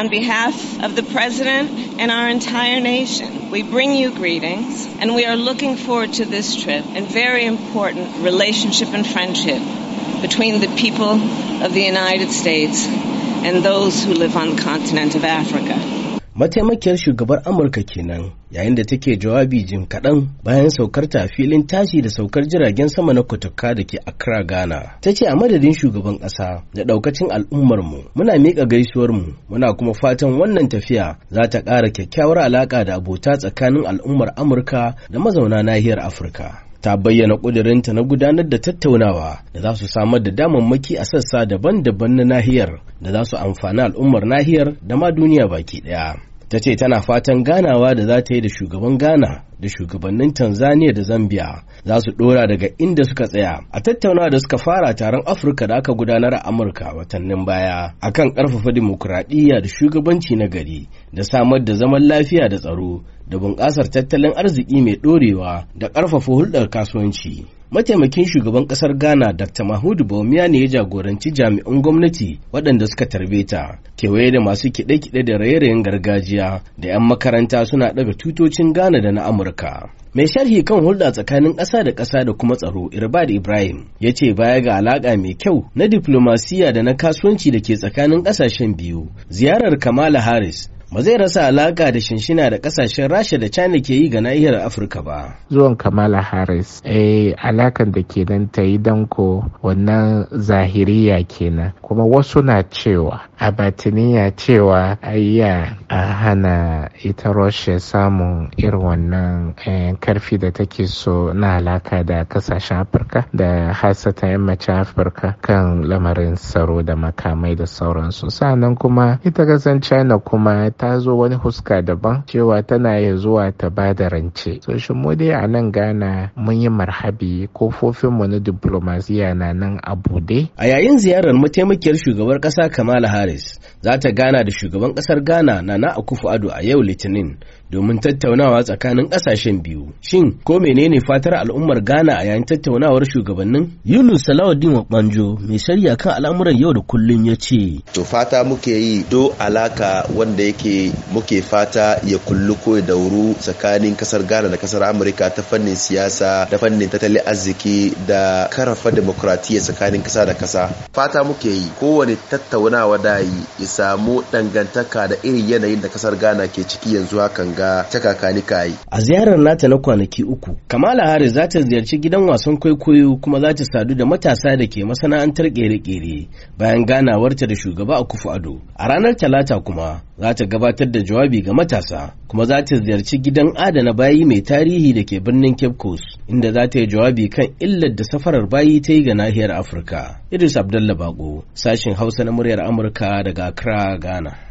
On behalf of the President and our entire nation, we bring you greetings, and we are looking forward to this trip and very important relationship and friendship between the people of the United States and those who live on the continent of Africa. mataimakiyar shugabar amurka kenan yayin da take jawabi jin kaɗan bayan saukar ta filin tashi da saukar jiragen sama na kotoka da ke accra ghana ta ce a madadin shugaban ƙasa da ɗaukacin al'ummarmu muna miƙa mu muna kuma fatan wannan tafiya za ta ƙara kyakkyawar alaƙa da abota tsakanin al'ummar amurka da mazauna nahiyar afirka ta bayyana ƙudurinta na gudanar da tattaunawa da za su samar da damammaki a sassa daban-daban na nahiyar da za su amfani al'ummar nahiyar da ma duniya baki ɗaya. ta ce tana fatan ganawa da za ta yi da shugaban ghana da shugabannin tanzania da zambia za su dora daga inda suka tsaya a tattaunawa da suka fara taron afirka da aka gudanar a amurka watannin baya akan ƙarfafa dimokuraɗiyya da shugabanci na gari da samar da zaman lafiya da tsaro da bunƙasar tattalin arziki mai ɗorewa da ƙarfafa hulɗar kasuwanci mataimakin shugaban kasar ghana dr Mahmoud bawumia ne ya jagoranci jami'an gwamnati waɗanda suka tarbe ta kewaye da masu kiɗe-kiɗe da raye-rayen gargajiya da 'yan makaranta suna ɗaga tutocin ghana da na amurka mai sharhi kan hulɗa tsakanin ƙasa da ƙasa da kuma tsaro irbad ibrahim ya ce baya ga alaƙa mai kyau na diplomasiya da na kasuwanci da ke tsakanin ƙasashen biyu ziyarar kamala harris ba zai rasa alaka da shinshina da kasashen rasha da china ke yi ga nahiyar afirka ba zuwan kamala harris eh alakan da kenan ta yi danko wannan zahiriya kenan kuma wasu na cewa a batiniya cewa ayya a hana ita russia samun irin wannan eh, karfi da take so na alaka da kasashen afirka da hasata yammacin afirka kan lamarin tsaro da makamai da sauransu sannan kuma ita kasan china kuma ta zo wani huska daban cewa tana ya zuwa ta ba da rance so shin a nan ghana mun yi marhabi mu na diplomasiya na nan a bude a yayin ziyarar mataimakiyar shugabar kasa kamala harris za ta gana da shugaban kasar ghana nana akufo ado a yau litinin domin tattaunawa tsakanin ƙasashen biyu. Shin ko menene fatar al'ummar Ghana a yayin tattaunawar shugabannin? Yunus Salawuddin Wakwanjo mai shari'a kan al'amuran yau da kullum ya ce. To fata muke yi do alaka wanda yake muke fata ya kullu ko ya dauru tsakanin kasar Ghana da kasar Amurka ta fannin siyasa da fannin tattalin arziki da karafa demokratiya tsakanin kasa da kasa. Fata muke yi kowane tattaunawa da yi ya samu dangantaka da irin yanayin da kasar Ghana ke ciki yanzu hakan ga ta kakani kayi. A ziyarar nata na kwanaki uku, Kamala Harris za ta ziyarci gidan wasan kwaikwayo kuma za ta sadu da matasa da ke masana'antar kere-kere bayan ganawarta da shugaba a kufu ado. A ranar Talata kuma za ta gabatar da jawabi ga matasa kuma za ta ziyarci gidan adana bayi mai tarihi da ke birnin Cape Coast inda za ta yi jawabi kan illar da safarar bayi ta yi ga nahiyar Afirka. Idris Abdallah Bako, sashin Hausa na muryar Amurka daga Accra, Ghana.